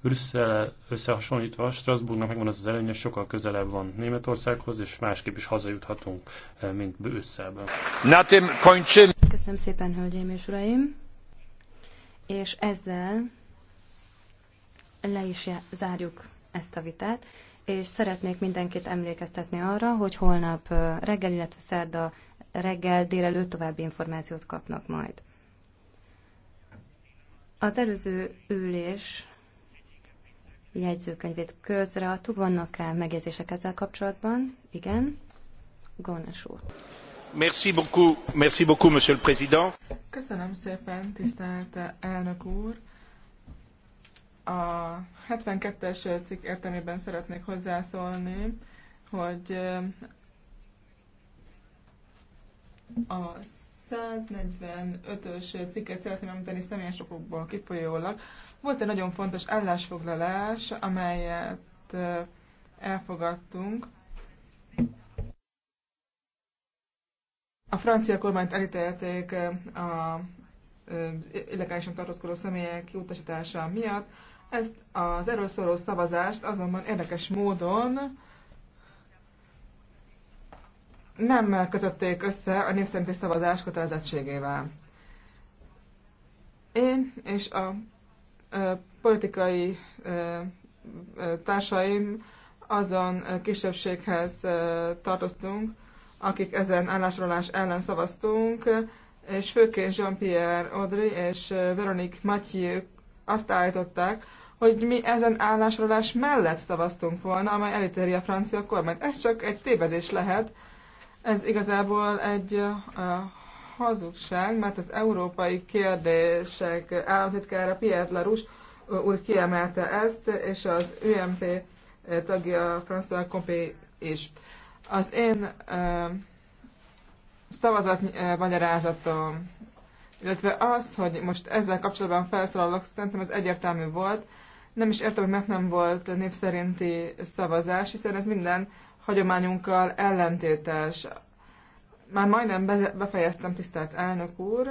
Brüsszel összehasonlítva Strasbourgnak megvan az az előnye, sokkal közelebb van Németországhoz, és másképp is hazajuthatunk, eh, mint Brüsszelben. Köszönöm szépen, hölgyeim és uraim! És ezzel le is zárjuk ezt a vitát, és szeretnék mindenkit emlékeztetni arra, hogy holnap eh, reggel, illetve szerda reggel délelőtt további információt kapnak majd. Az előző ülés jegyzőkönyvét közreadtuk. Vannak-e megjegyzések ezzel kapcsolatban? Igen. Gónes úr. Merci beaucoup, merci beaucoup, monsieur le président. Köszönöm szépen, tisztelt elnök úr. A 72-es cikk értelmében szeretnék hozzászólni, hogy az 145-ös cikket szeretném említeni személyes okokból kifolyólag. Volt egy nagyon fontos állásfoglalás, amelyet elfogadtunk. A francia kormányt elítélték a illegálisan tartózkodó személyek kiutasítása miatt. Ezt az erről szóló szavazást azonban érdekes módon nem kötötték össze a népszerinti szavazás kötelezettségével. Én és a ö, politikai ö, társaim azon kisebbséghez tartoztunk, akik ezen állásolás ellen szavaztunk, és főként Jean-Pierre Audrey és Veronique Mathieu azt állították, hogy mi ezen állásolás mellett szavaztunk volna, amely elítéri a francia kormányt. Ez csak egy tévedés lehet, ez igazából egy hazugság, mert az európai kérdések államtitkára Pierre Larus úr kiemelte ezt, és az UMP tagja François Compé is. Az én szavazatmagyarázatom, illetve az, hogy most ezzel kapcsolatban felszólalok, szerintem ez egyértelmű volt. Nem is értem, hogy meg nem volt név szerinti szavazás, hiszen ez minden hagyományunkkal ellentétes. Már majdnem befejeztem, tisztelt elnök úr.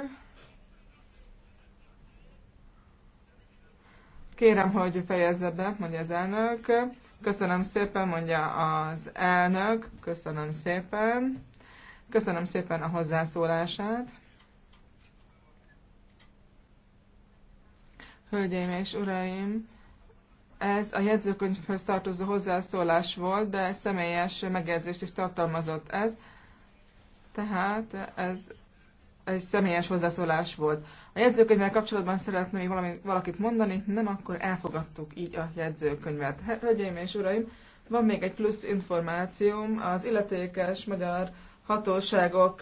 Kérem, hogy fejezze be, mondja az elnök. Köszönöm szépen, mondja az elnök. Köszönöm szépen. Köszönöm szépen a hozzászólását. Hölgyeim és uraim, ez a jegyzőkönyvhöz tartozó hozzászólás volt, de személyes megjegyzést is tartalmazott ez. Tehát ez egy személyes hozzászólás volt. A jegyzőkönyvvel kapcsolatban szeretném még valami, valakit mondani, nem akkor elfogadtuk így a jegyzőkönyvet. Hölgyeim és uraim, van még egy plusz információm, az illetékes magyar hatóságok